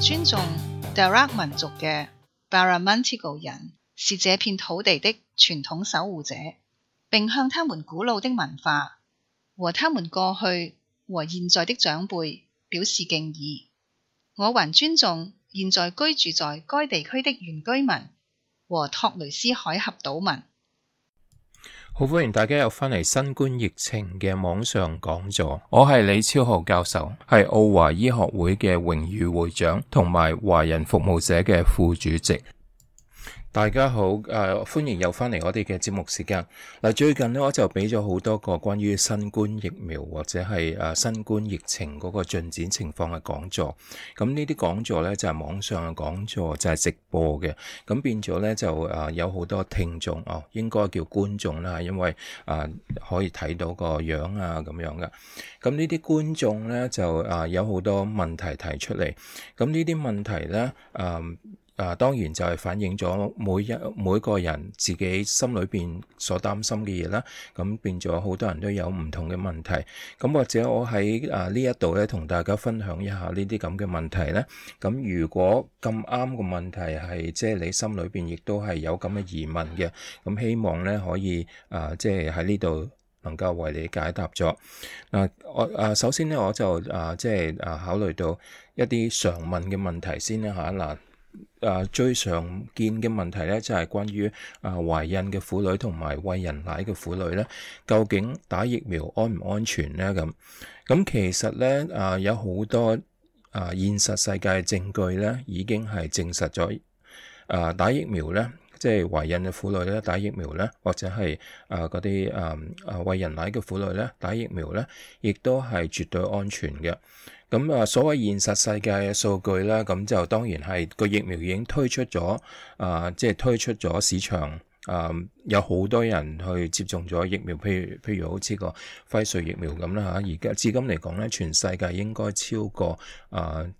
尊重 Direct 民族嘅 Baromantigo 人，是這片土地的傳統守護者，並向他們古老的文化和他們過去和現在的長輩表示敬意。我還尊重現在居住在該地區的原居民和托雷斯海峽島民。好，歡迎大家又翻嚟新冠疫情嘅網上講座， 我係李超浩教授，係澳華醫學會嘅榮譽會長，同埋華人服務社嘅副主席。大家好，誒、啊，歡迎又翻嚟我哋嘅節目時間。嗱、啊，最近咧我就俾咗好多個關於新冠疫苗或者係誒、啊、新冠疫情嗰個進展情況嘅講座。咁、嗯、呢啲講座咧就係、是、網上嘅講座，就係、是、直播嘅。咁、嗯、變咗咧就誒、啊、有好多聽眾哦，應該叫觀眾啦，因為誒、啊、可以睇到個樣啊咁樣噶。咁、嗯、呢啲觀眾咧就誒、啊、有好多問題提出嚟。咁呢啲問題咧誒。啊啊，當然就係反映咗每一每個人自己心裏邊所擔心嘅嘢啦。咁變咗好多人都有唔同嘅問題。咁或者我喺啊呢一度咧，同大家分享一下呢啲咁嘅問題咧。咁如果咁啱個問題係即係你心裏邊亦都係有咁嘅疑問嘅，咁希望咧可以啊，即係喺呢度能夠為你解答咗。啊，我啊首先咧我就啊即係啊考慮到一啲常問嘅問題先啦嚇嗱。誒、啊、最常見嘅問題咧，就係、是、關於誒、啊、懷孕嘅婦女同埋餵人奶嘅婦女咧，究竟打疫苗安唔安全咧？咁咁其實咧，誒、啊、有好多誒、啊、現實世界嘅證據咧，已經係證實咗誒、啊、打疫苗咧，即係懷孕嘅婦女咧打疫苗咧，或者係誒嗰啲誒誒餵人奶嘅婦女咧打疫苗咧，亦都係絕對安全嘅。咁啊，所謂現實世界嘅數據啦，咁就當然係個疫苗已經推出咗，啊、呃，即係推出咗市場，啊、呃，有好多人去接種咗疫苗，譬如譬如好似個輝瑞疫苗咁啦嚇，而家至今嚟講咧，全世界應該超過啊，呃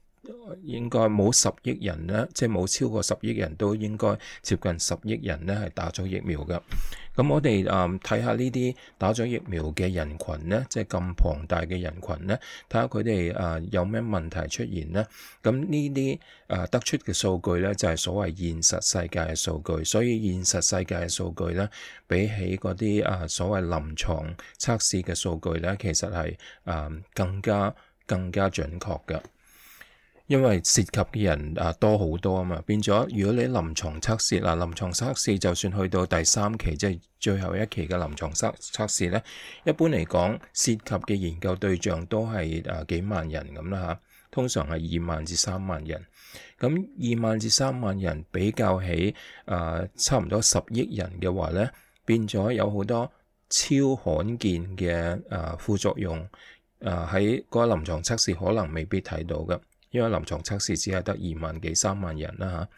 應該冇十億人咧，即係冇超過十億人都應該接近十億人咧，係打咗疫苗嘅。咁我哋誒睇下呢啲打咗疫苗嘅人群咧，即係咁龐大嘅人群咧，睇下佢哋誒有咩問題出現咧。咁呢啲誒得出嘅數據呢就係、是、所謂現實世界嘅數據，所以現實世界嘅數據呢比起，嗰啲誒所謂臨床測試嘅數據呢其實係誒、呃、更加更加準確㗎。因為涉及嘅人啊多好多啊嘛，變咗如果你臨床測試啦，啊，臨床測試就算去到第三期，即係最後一期嘅臨床測測試咧，一般嚟講涉及嘅研究對象都係啊幾萬人咁啦嚇，通常係二萬至三萬人。咁二萬至三萬人比較起啊差唔多十億人嘅話咧，變咗有好多超罕見嘅啊副作用啊喺個臨床測試可能未必睇到嘅。因為臨床測試只係得二萬幾三萬人啦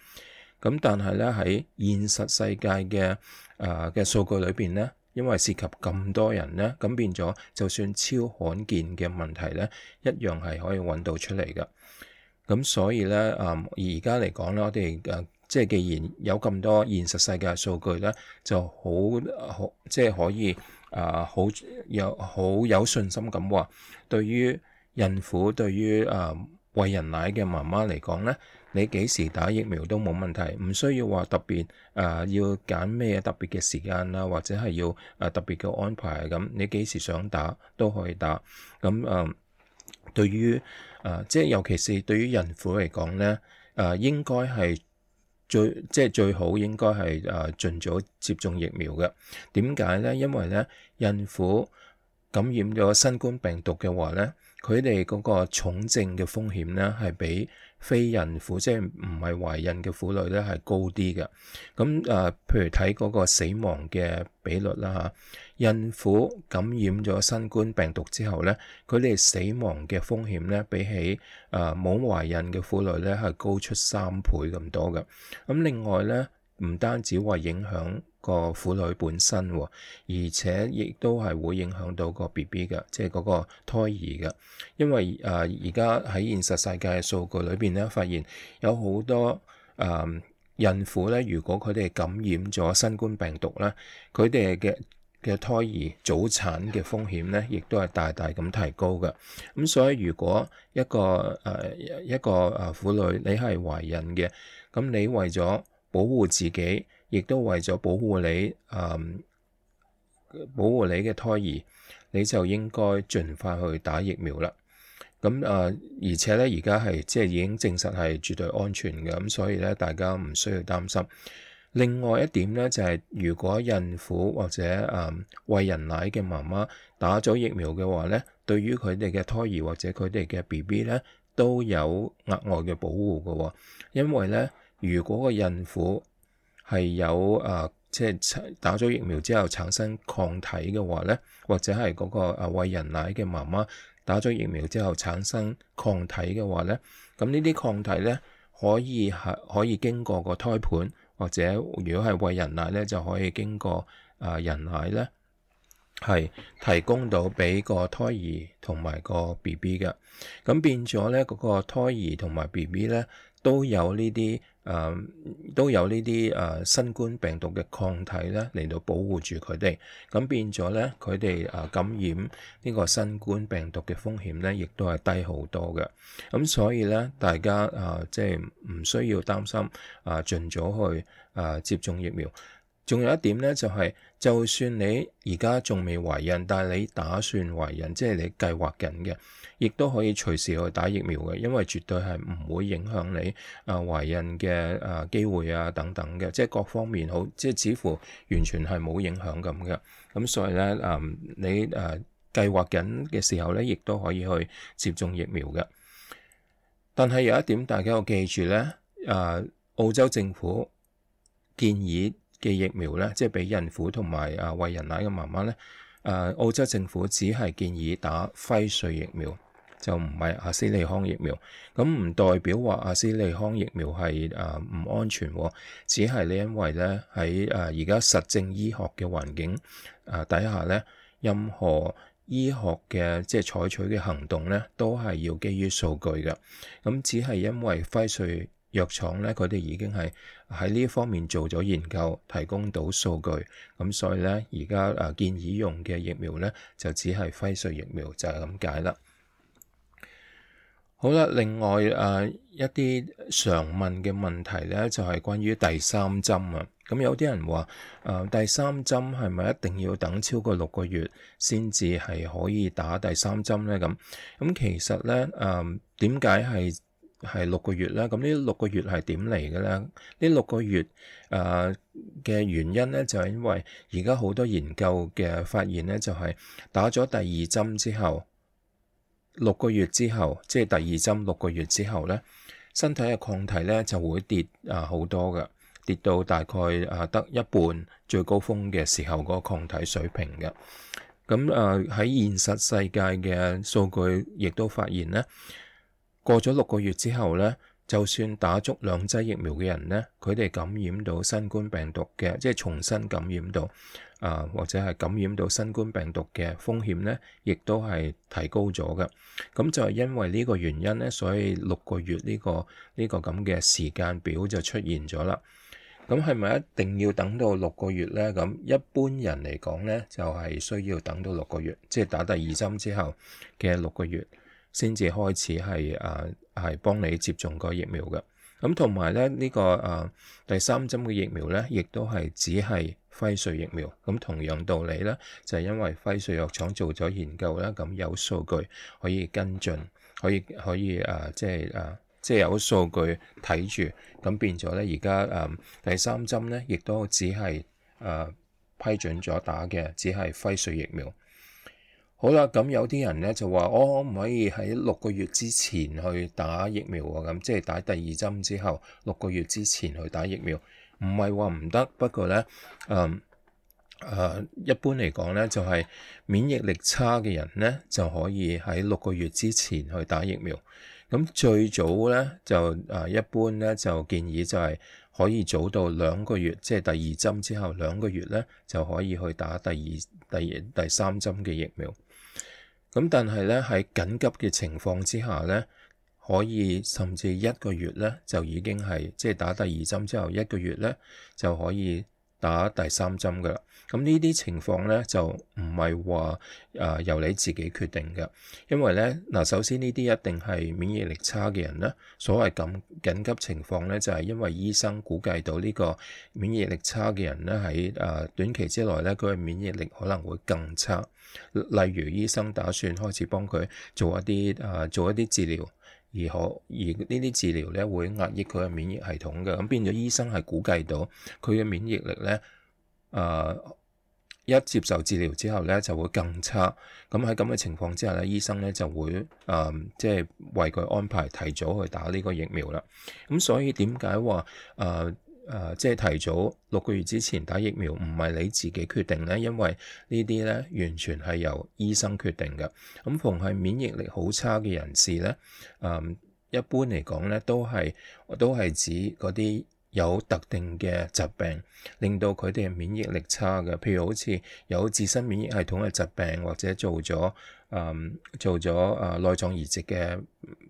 嚇，咁、啊、但係咧喺現實世界嘅誒嘅數據裏邊咧，因為涉及咁多人咧，咁變咗就算超罕見嘅問題咧，一樣係可以搵到出嚟嘅。咁所以咧，誒、呃、而家嚟講咧，我哋誒、呃、即係既然有咁多現實世界數據咧，就好好、呃、即係可以誒好、呃、有好有信心咁話，對於孕婦對於誒、呃餵人奶嘅媽媽嚟講咧，你幾時打疫苗都冇問題，唔需要話特別誒、呃、要揀咩特別嘅時間啊，或者係要誒、呃、特別嘅安排咁。你幾時想打都可以打。咁誒、呃，對於誒、呃、即係尤其是對於孕婦嚟講咧，誒、呃、應該係最即係最好應該係誒盡早接種疫苗嘅。點解咧？因為咧，孕婦感染咗新冠病毒嘅話咧，佢哋嗰個重症嘅風險咧，係比非孕婦即係唔係懷孕嘅婦女咧係高啲嘅。咁誒、呃，譬如睇嗰個死亡嘅比率啦，吓，孕婦感染咗新冠病毒之後咧，佢哋死亡嘅風險咧比起誒冇、呃、懷孕嘅婦女咧係高出三倍咁多嘅。咁另外咧，唔單止話影響。個婦女本身，而且亦都係會影響到個 BB 嘅，即係嗰個胎兒嘅。因為誒而家喺現實世界嘅數據裏邊咧，發現有好多誒、嗯、孕婦咧，如果佢哋感染咗新冠病毒咧，佢哋嘅嘅胎兒早產嘅風險咧，亦都係大大咁提高嘅。咁、嗯、所以如果一個誒、呃、一個誒婦女你係懷孕嘅，咁你為咗保護自己。亦都為咗保護你，誒、嗯、保護你嘅胎兒，你就應該盡快去打疫苗啦。咁誒、啊，而且咧，而家係即係已經證實係絕對安全嘅，咁所以咧，大家唔需要擔心。另外一點咧，就係、是、如果孕婦或者誒、嗯、餵人奶嘅媽媽打咗疫苗嘅話咧，對於佢哋嘅胎兒或者佢哋嘅 B B 咧，都有額外嘅保護嘅喎。因為咧，如果個孕婦係有啊，即、呃、係、就是、打咗疫苗之後產生抗體嘅話咧，或者係嗰個啊餵人奶嘅媽媽打咗疫苗之後產生抗體嘅話咧，咁呢啲抗體咧，可以係可以經過個胎盤，或者如果係餵人奶咧就可以經過啊、呃、人奶咧。係提供到俾個胎兒同埋個 B B 嘅，咁變咗咧，嗰個胎兒同埋 B B 咧都有呢啲誒，都有呢啲誒新冠病毒嘅抗體咧，嚟到保護住佢哋。咁變咗咧，佢哋誒感染呢個新冠病毒嘅風險咧，亦都係低好多嘅。咁所以咧，大家誒即係唔需要擔心誒、啊，盡早去誒、啊，接種疫苗。仲有一點咧，就係、是、就算你而家仲未懷孕，但係你打算懷孕，即係你計劃緊嘅，亦都可以隨時去打疫苗嘅，因為絕對係唔會影響你啊懷孕嘅啊機會啊等等嘅，即係各方面好，即係似乎完全係冇影響咁嘅。咁所以咧，誒、啊、你誒、啊、計劃緊嘅時候咧，亦都可以去接種疫苗嘅。但係有一點，大家要記住咧，誒、啊、澳洲政府建議，嘅疫苗咧，即係畀孕婦同埋啊餵人奶嘅媽媽咧，誒、啊、澳洲政府只係建議打輝瑞疫苗，就唔係阿斯利康疫苗。咁唔代表話阿斯利康疫苗係誒唔安全，只係你因為咧喺誒而家實證醫學嘅環境誒底下咧，任何醫學嘅即係採取嘅行動咧，都係要基於數據嘅。咁只係因為輝瑞。藥廠咧，佢哋已經係喺呢一方面做咗研究，提供到數據。咁所以咧，而家誒建議用嘅疫苗咧，就只係輝瑞疫苗，就係咁解啦。好啦，另外誒、啊、一啲常問嘅問題咧，就係、是、關於第三針啊。咁有啲人話誒第三針係咪一定要等超過六個月先至係可以打第三針咧？咁咁其實咧誒點解係？啊係六個月啦。咁呢六個月係點嚟嘅咧？呢六個月誒嘅原因咧，就係因為而家好多研究嘅發現咧，就係打咗第二針之後，六個月之後，即係第二針六個月之後咧，身體嘅抗體咧就會跌啊好多㗎，跌到大概誒得一半最高峰嘅時候嗰個抗體水平嘅。咁誒喺現實世界嘅數據亦都發現咧。過咗六個月之後咧，就算打足兩劑疫苗嘅人咧，佢哋感染到新冠病毒嘅，即係重新感染到啊、呃，或者係感染到新冠病毒嘅風險咧，亦都係提高咗㗎。咁就係因為呢個原因咧，所以六個月呢、呢個呢、呢個咁嘅時間表就出現咗啦。咁係咪一定要等到六個月咧？咁一般人嚟講咧，就係、係、需要等到六個月，即、就、係、係、打第二針之後嘅六個月。先至開始係誒係幫你接種個疫苗嘅，咁同埋咧呢、呢個誒、啊、第三針嘅疫苗咧，亦都係只係輝瑞疫苗。咁同樣道理咧，就係、因為輝瑞藥廠做咗研究啦，咁有數據可以跟進，可以可以誒即係誒即係有數據睇住，咁變咗咧而家誒第三針咧，亦都只係誒、啊、批准咗打嘅，只係輝瑞疫苗。好啦，咁有啲人咧就話：我可唔可以喺六個月之前去打疫苗啊？咁、嗯、即係打第二針之後六個月之前去打疫苗，唔係話唔得。不過咧，誒、嗯、誒、啊、一般嚟講咧，就係、是、免疫力差嘅人咧就可以喺六個月之前去打疫苗。咁、嗯、最早咧就誒、啊、一般咧就建議就係可以早到兩個月，即係第二針之後兩個月咧就可以去打第二、第二、第三針嘅疫苗。咁但係咧喺緊急嘅情況之下咧，可以甚至一個月咧就已經係即係打第二針之後一個月咧就可以，打第三針嘅啦，咁呢啲情況咧就唔係話誒由你自己決定嘅，因為咧嗱，首先呢啲一定係免疫力差嘅人咧，所謂緊緊急情況咧就係、是、因為醫生估計到呢個免疫力差嘅人咧喺誒短期之內咧佢嘅免疫力可能會更差，例如醫生打算開始幫佢做一啲誒、呃、做一啲治療。而呢啲治療咧會壓抑佢嘅免疫系統嘅，咁變咗醫生係估計到佢嘅免疫力咧，誒、呃、一接受治療之後咧就會更差，咁喺咁嘅情況之下咧，醫生咧就會誒即係為佢安排提早去打呢個疫苗啦。咁所以點解話誒，呃呃、即係提早六個月之前打疫苗，唔係你自己決定咧，因為呢啲咧完全係由醫生決定嘅。咁凡係免疫力好差嘅人士咧、嗯，一般嚟講咧都係，都係指嗰啲有特定嘅疾病令到佢哋免疫力差嘅，譬如好似有自身免疫系統嘅疾病或者做咗。嗯、做咗誒、呃、內臟移植嘅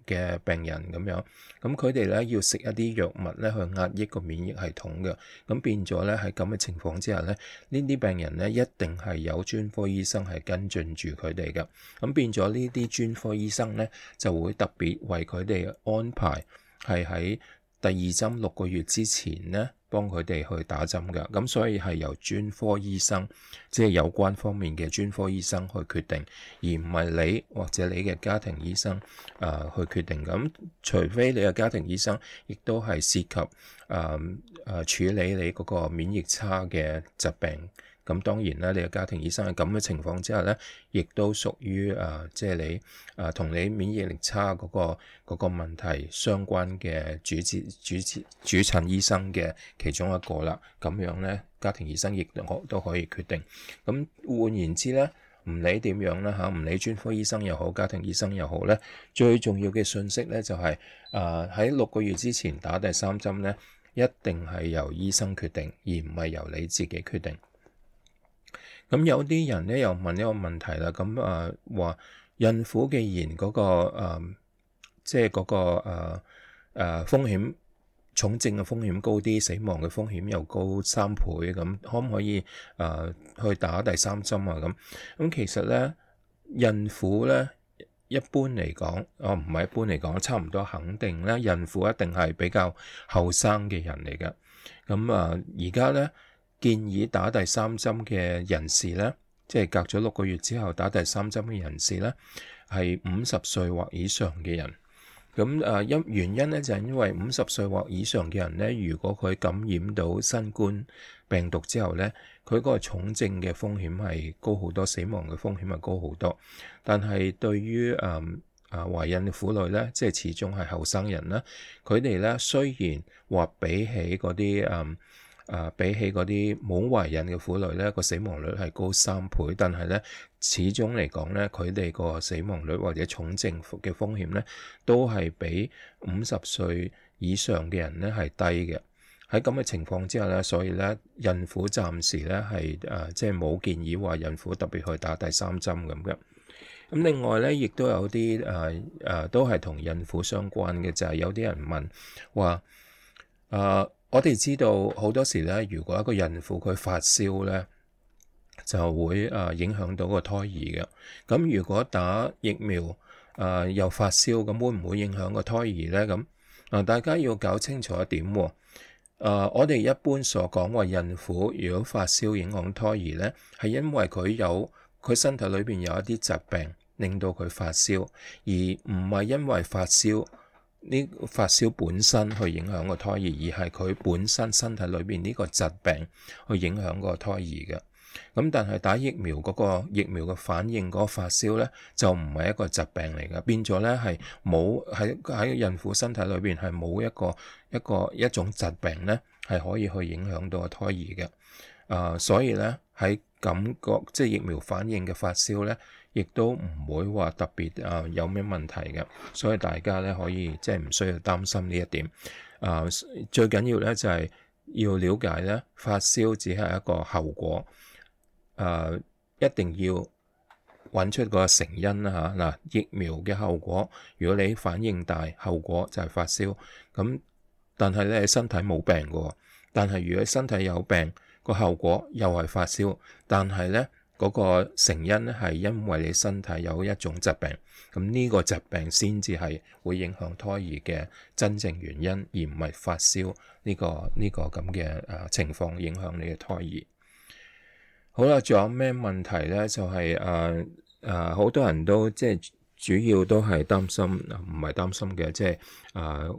病人咁樣，咁佢哋咧要食一啲藥物咧去壓抑個免疫系統嘅，咁變咗咧喺咁嘅情況之下咧，呢啲病人咧一定係有專科醫生係跟進住佢哋嘅，咁變咗呢啲專科醫生咧就會特別為佢哋安排係喺第二針六個月之前咧，幫佢哋去打針嘅，咁所以係由專科醫生，即係有關方面嘅專科醫生去決定，而唔係你或者你嘅家庭醫生誒去決定。咁除非你嘅家庭醫生亦都係涉及誒誒處理你嗰個免疫差嘅疾病。咁當然啦，你個家庭醫生喺咁嘅情況之下咧，亦都屬於誒，即係你誒、啊、同你免疫力差嗰個嗰個問題相關嘅主治主治主診醫生嘅其中一個啦。咁樣咧，家庭醫生亦都可以決定。咁換言之咧，唔理點樣咧吓，唔理專科醫生又好，家庭醫生又好咧，最重要嘅信息咧就係誒喺六個月之前打第三針咧，一定係由醫生決定，而唔係由你自己決定。咁有啲人咧又問一個問題啦，咁啊話孕婦既然嗰、那個、呃、即係嗰、那個誒誒、呃呃、風險重症嘅風險高啲，死亡嘅風險又高三倍，咁可唔可以誒、呃、去打第三針啊？咁咁其實咧，孕婦咧一般嚟講，哦唔係一般嚟講，差唔多肯定咧，孕婦一定係比較後生嘅人嚟嘅，咁啊而家咧。呃建議打第三針嘅人士咧，即係隔咗六個月之後打第三針嘅人士咧，係五十歲或以上嘅人。咁啊因原因咧就係、是、因為五十歲或以上嘅人咧，如果佢感染到新冠病毒之後咧，佢嗰個重症嘅風險係高好多，死亡嘅風險係高好多。但係對於誒、嗯、啊懷孕嘅婦女咧，即係始終係後生人啦，佢哋咧雖然話比起嗰啲誒。嗯啊，比起嗰啲冇懷孕嘅婦女咧，個死亡率係高三倍，但係咧始終嚟講咧，佢哋個死亡率或者重症嘅風險咧，都係比五十歲以上嘅人咧係低嘅。喺咁嘅情況之下咧，所以咧孕婦暫時咧係誒即係冇建議話孕婦特別去打第三針咁嘅。咁，啊，另外咧，亦都有啲誒誒都係同孕婦相關嘅，就係、係、有啲人問話誒。我哋知道好多時咧，如果一個孕婦佢發燒咧，就會誒、呃、影響到個胎兒嘅。咁如果打疫苗誒、呃、又發燒，咁會唔會影響個胎兒咧？咁啊、呃，大家要搞清楚一點喎、哦呃。我哋一般所講話孕婦如果發燒影響胎兒咧，係因為佢有佢身體裏邊有一啲疾病令到佢發燒，而唔係因為發燒。呢個發燒本身去影響個胎兒，而係佢本身身體裏邊呢個疾病去影響個胎兒嘅。咁但係打疫苗嗰、嗰個疫苗嘅反應嗰個發燒咧，就唔係一個疾病嚟嘅，變咗咧係冇喺喺孕婦身體裏邊係冇一個一個一種疾病咧係可以去影響到個胎兒嘅。誒、呃，所以咧喺感覺即係疫苗反應嘅發燒咧。亦都唔會話特別啊、呃，有咩問題嘅，所以大家咧可以即係唔需要擔心呢一點。啊、呃，最緊要咧就係、是、要了解咧，發燒只係一個後果。誒、呃，一定要揾出個成因吓嗱，疫苗嘅後果，如果你反應大，後果就係發燒。咁但係咧，身體冇病嘅喎，但係如果身體有病，個後果又係發燒。但係咧。嗰個成因咧係因為你身體有一種疾病，咁呢個疾病先至係會影響胎兒嘅真正原因，而唔係發燒呢個呢個咁嘅誒情況影響你嘅胎兒。好啦，仲有咩問題咧？就係誒誒，好多人都即係主要都係擔心，唔係擔心嘅，即係誒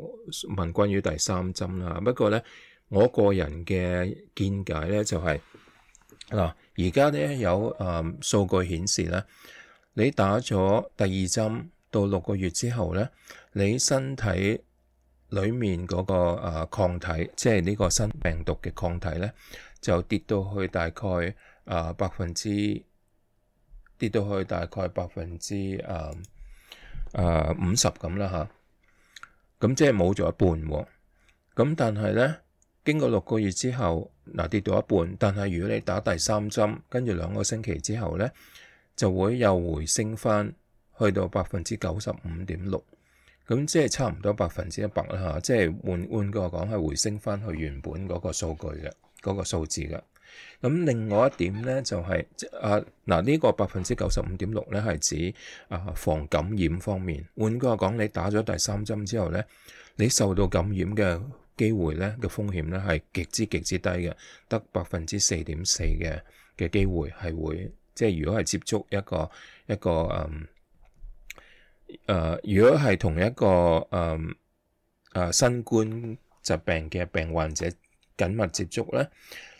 問關於第三針啦。不過咧，我個人嘅見解咧就係嗱。啊而家咧有誒、嗯、數據顯示咧，你打咗第二針到六個月之後咧，你身體裡面嗰、那個誒、呃、抗體，即係呢個新病毒嘅抗體咧，就跌到去大概誒、呃、百分之跌到去大概百分之誒誒五十咁啦嚇。咁、呃呃啊、即係冇咗一半喎、啊。咁但係咧，經過六個月之後，嗱，跌到一半，但係如果你打第三針，跟住兩個星期之後咧，就會又回升翻，去到百分之九十五點六，咁即係差唔多百分之一百啦吓，即係換換句話講係回升翻去原本嗰個數據嘅，嗰、那個數字嘅。咁另外一點咧就係、是，啊嗱、這個、呢個百分之九十五點六咧係指啊防感染方面，換句話講，你打咗第三針之後咧，你受到感染嘅。機會咧嘅風險咧係極之極之低嘅，得百分之四點四嘅嘅機會係會，即係如果係接觸一個一個誒，誒如果係同一個誒誒新冠疾病嘅病患者緊密接觸咧，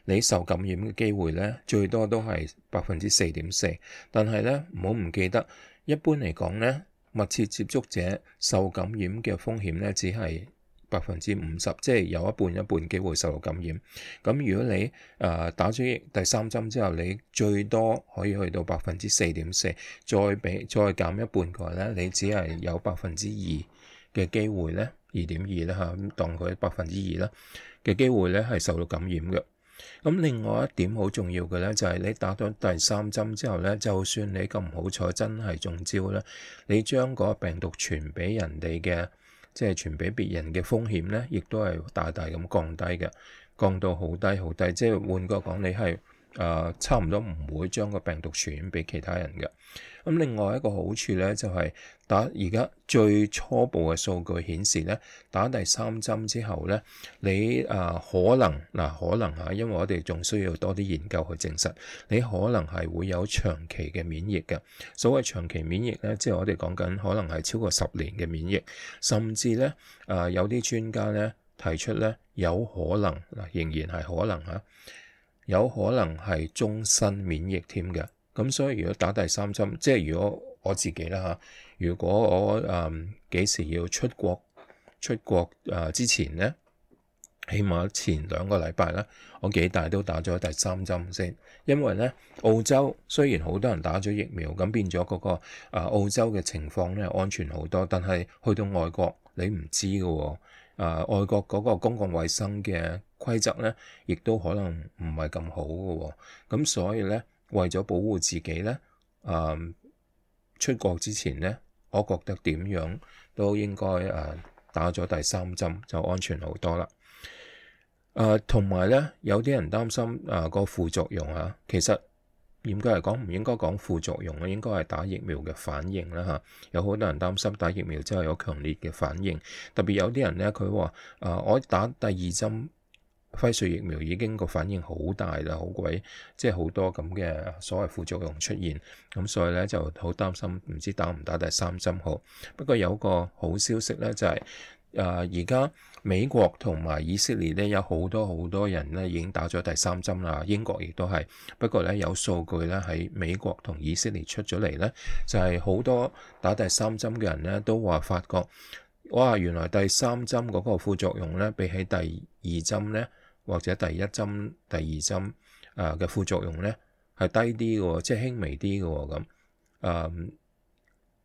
你受感染嘅機會咧最多都係百分之四點四，但係咧唔好唔記得，一般嚟講咧，密切接觸者受感染嘅風險咧只係百分之五十，即係有一半一半機會受到感染。咁如果你誒、呃、打咗第三針之後，你最多可以去到百分之四點四，再俾再減一半嘅話咧，你只係有百分之二嘅機會咧，二點二啦吓，當佢百分之二啦嘅機會咧係受到感染嘅。咁另外一點好重要嘅咧，就係、是、你打咗第三針之後咧，就算你咁唔好彩真係中招咧，你將個病毒傳俾人哋嘅。即係傳畀別人嘅風險咧，亦都係大大咁降低嘅，降到好低好低。即係換句講，你係。差唔多唔會將個病毒傳染俾其他人嘅。咁另外一個好處咧，就係、是、打而家最初步嘅數據顯示咧，打第三針之後咧，你誒、啊、可能嗱、啊、可能嚇、啊，因為我哋仲需要多啲研究去證實，你可能係會有長期嘅免疫嘅。所謂長期免疫咧，即係我哋講緊可能係超過十年嘅免疫，甚至咧誒、啊、有啲專家咧提出咧，有可能嗱、啊、仍然係可能嚇。啊有可能係終身免疫添嘅，咁所以如果打第三針，即係如果我自己啦吓，如果我誒幾、嗯、時要出國出國誒、呃、之前咧，起碼前兩個禮拜咧，我幾大都打咗第三針先，因為咧澳洲雖然好多人打咗疫苗，咁變咗嗰、那個、呃、澳洲嘅情況咧安全好多，但係去到外國你唔知㗎喎、哦呃，外國嗰個公共衛生嘅規則咧，亦都可能唔係咁好嘅、哦，咁所以咧，為咗保護自己咧，誒、呃、出國之前咧，我覺得點樣都應該誒、呃、打咗第三針就安全好多啦。誒同埋咧，有啲人擔心誒個、呃、副作用啊，其實嚴格嚟講唔應該講副作用啦、啊，應該係打疫苗嘅反應啦、啊、嚇。有好多人擔心打疫苗之後有強烈嘅反應，特別有啲人咧佢話誒我打第二針。輝瑞疫苗已經個反應好大啦，好鬼即係好多咁嘅所謂副作用出現，咁所以咧就好擔心，唔知打唔打第三針好。不過有個好消息咧，就係誒而家美國同埋以色列咧有好多好多人咧已經打咗第三針啦，英國亦都係。不過咧有數據咧喺美國同以色列出咗嚟咧，就係好多打第三針嘅人咧都話發覺，哇原來第三針嗰個副作用咧比起第二針咧。或者第一針、第二針誒嘅、呃、副作用咧係低啲嘅喎，即係輕微啲嘅喎咁誒，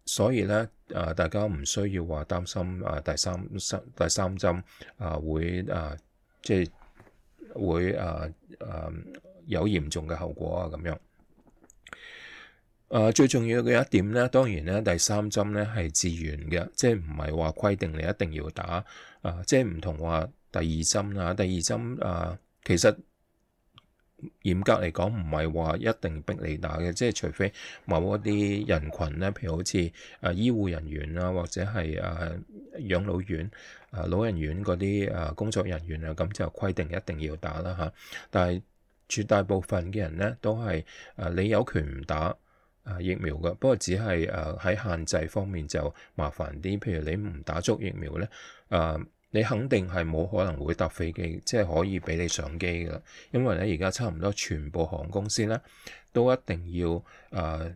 所以咧誒、呃、大家唔需要話擔心誒、呃、第，第三針、呃呃呃呃呃、第三針誒會誒即係會誒誒有嚴重嘅後果啊咁樣。誒最重要嘅一點咧，當然咧第三針咧係自願嘅，即係唔係話規定你一定要打誒、呃，即係唔同話。第二針啊，第二針啊、呃，其實嚴格嚟講唔係話一定逼你打嘅，即係除非某一啲人群咧，譬如好似誒醫護人員啊，或者係誒養老院、誒、呃、老人院嗰啲誒工作人員啊，咁就規定一定要打啦嚇、啊。但係絕大部分嘅人咧都係誒、呃、你有權唔打誒、呃、疫苗嘅，不過只係誒喺限制方面就麻煩啲。譬如你唔打足疫苗咧，誒、呃。呃你肯定係冇可能會搭飛機，即係可以畀你上機㗎喇，因為咧而家差唔多全部航空公司咧都一定要誒誒、呃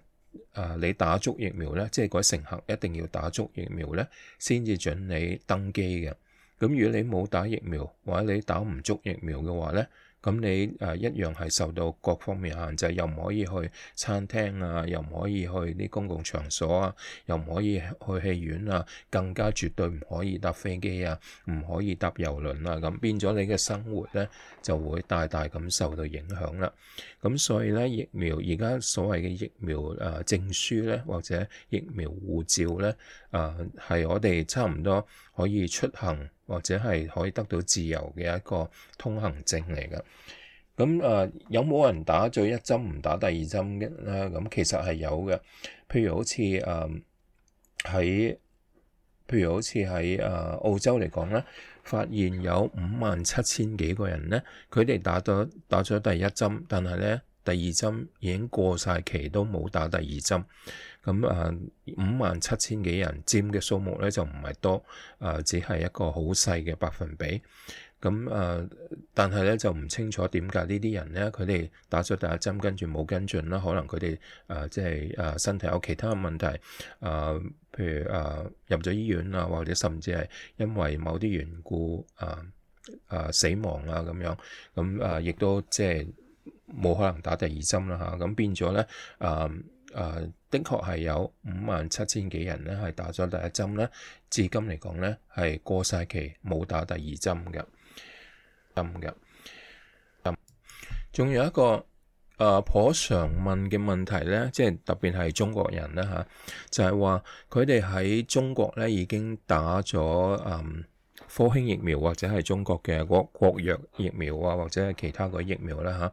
呃，你打足疫苗咧，即係嗰乘客一定要打足疫苗咧，先至準你登機嘅。咁如果你冇打疫苗，或者你打唔足疫苗嘅話咧，咁你誒一樣係受到各方面限制，就是，又唔可以去餐廳啊，又唔可以去啲公共場所啊，又唔可以去戲院啊，更加絕對唔可以搭飛機啊，唔可以搭郵輪啊。咁變咗你嘅生活咧就會大大咁受到影響啦。咁所以咧疫苗而家所謂嘅疫苗誒、呃、證書咧或者疫苗護照咧誒係我哋差唔多可以出行。或者係可以得到自由嘅一個通行證嚟嘅，咁啊有冇人打咗一針唔打第二針嘅咧？咁其實係有嘅，譬如好似誒喺譬如好似喺誒澳洲嚟講咧，發現有五萬七千幾個人咧，佢哋打咗打咗第一針，但係咧，第二針已經過晒期都冇打第二針，咁啊五萬七千幾人佔嘅數目咧就唔係多，啊只係一個好細嘅百分比，咁啊但係咧就唔清楚點解呢啲人咧佢哋打咗第一針跟住冇跟進啦，可能佢哋啊即係、即係、啊身體有其他嘅問題啊，譬如啊入咗醫院啊，或者甚至係因為某啲緣故啊啊死亡啊咁樣，咁啊亦都即係。即係冇可能打第二針啦嚇，咁變咗咧，啊，誒、啊，的確係有五萬七千幾人咧，係打咗第一針咧，至今嚟講咧係過晒期冇打第二針嘅咁嘅咁。仲、嗯、有一個啊，頗常問嘅問題咧，即係特別係中國人啦嚇、啊，就係話佢哋喺中國咧已經打咗誒。嗯科興疫苗或者係中國嘅國國藥疫苗啊，或者係其他嘅疫苗啦吓，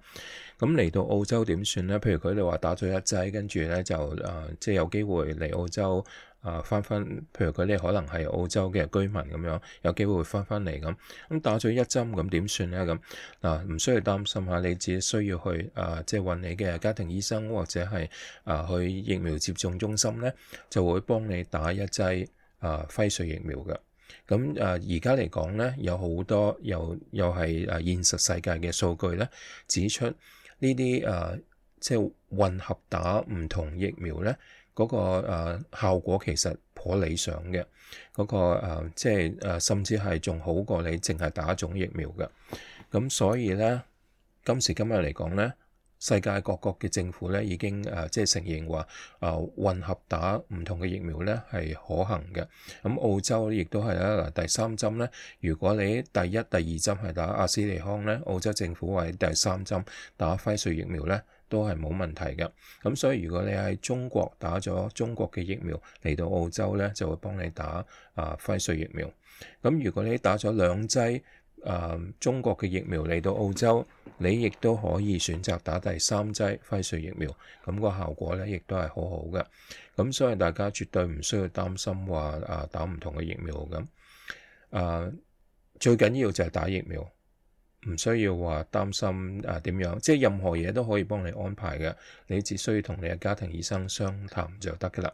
咁、啊、嚟到澳洲點算咧？譬如佢哋話打咗一劑，跟住咧就誒、呃，即係有機會嚟澳洲誒翻翻，譬如佢哋可能係澳洲嘅居民咁樣，有機會翻翻嚟咁，咁打咗一針咁點算咧？咁嗱，唔、啊、需要擔心下、啊、你只需要去誒、呃，即係搵你嘅家庭醫生或者係誒、呃、去疫苗接種中心咧，就會幫你打一劑誒輝瑞疫苗嘅。咁啊，而家嚟講咧，有好多又又係啊現實世界嘅數據咧，指出呢啲啊即係混合打唔同疫苗咧，嗰、那個啊、呃、效果其實頗理想嘅，嗰、那個啊、呃、即係啊甚至係仲好過你淨係打一種疫苗嘅。咁所以咧，今時今日嚟講咧，世界各國嘅政府咧，已經誒、呃、即係承認話，誒、呃、混合打唔同嘅疫苗咧係可行嘅。咁澳洲亦都係啦，嗱第三針咧，如果你第一、第二針係打阿斯利康咧，澳洲政府話第三針打輝瑞疫苗咧都係冇問題嘅。咁所以如果你喺中國打咗中國嘅疫苗嚟到澳洲咧，就會幫你打啊、呃、輝瑞疫苗。咁如果你打咗兩劑，啊、中國嘅疫苗嚟到澳洲，你亦都可以選擇打第三劑輝瑞疫苗，咁個效果咧亦都係好好嘅。咁所以大家絕對唔需要擔心話誒、啊、打唔同嘅疫苗咁誒、啊，最緊要就係打疫苗，唔需要話擔心誒點、啊、樣，即係任何嘢都可以幫你安排嘅，你只需要同你嘅家庭醫生商談就得㗎啦。